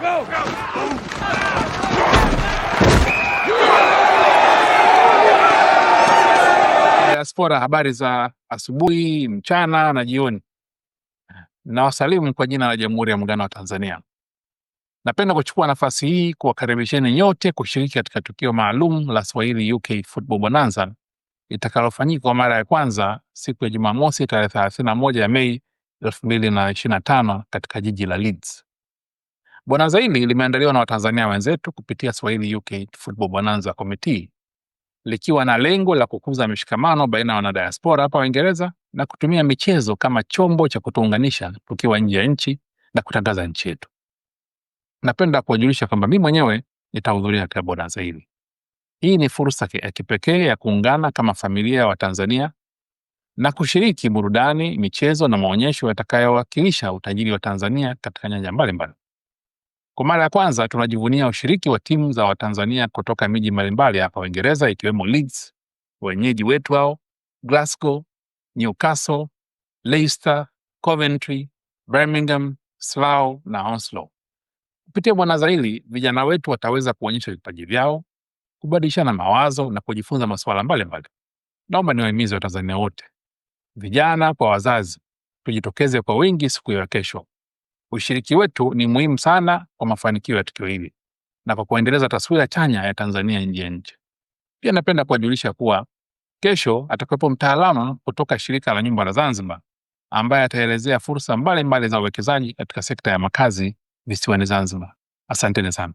Go! Go! Diaspora, habari za asubuhi, mchana na jioni. Nawasalimu kwa jina la Jamhuri ya Muungano wa Tanzania. Napenda kuchukua nafasi hii kuwakaribisheni nyote kushiriki katika tukio maalum la Swahili UK Football Bonanza itakalofanyika kwa mara ya kwanza siku ya Jumamosi tarehe 31 ya Mei 2025 katika jiji la Leeds. Bonanza hili limeandaliwa na Watanzania wenzetu kupitia Swahili UK Football Bonanza Committee likiwa na lengo la kukuza mishikamano baina ya wanadiaspora hapa Uingereza na kutumia michezo kama chombo cha kutuunganisha tukiwa nje ya nchi na kutangaza nchi yetu. Napenda kuwajulisha kwamba mimi mwenyewe nitahudhuria katika bonanza hili. Hii ni fursa ya kipekee ya kuungana kama familia ya Watanzania na kushiriki burudani, michezo na maonyesho yatakayowakilisha utajiri wa Tanzania katika nyanja mbalimbali. mbali. Kwa mara ya kwanza tunajivunia ushiriki wa timu za Watanzania kutoka miji mbalimbali hapa Uingereza ikiwemo Leeds, wenyeji wetu hao, Glasgow, Newcastle, Leicester, Coventry, Birmingham, Slough na onslow Kupitia baraza hili, vijana wetu wataweza kuonyesha vipaji vyao, kubadilishana mawazo na kujifunza masuala mbalimbali. Naomba niwahimize Watanzania wote, vijana kwa wazazi, tujitokeze kwa wingi siku ya kesho. Ushiriki wetu ni muhimu sana kwa mafanikio ya tukio hili na kwa kuendeleza taswira chanya ya Tanzania nje ya Pia napenda kuwajulisha kuwa kesho atakuwepo mtaalamu kutoka Shirika la Nyumba la Zanzibar ambaye ataelezea fursa mbalimbali za uwekezaji katika sekta ya makazi visiwani Zanzibar. Asanteni sana.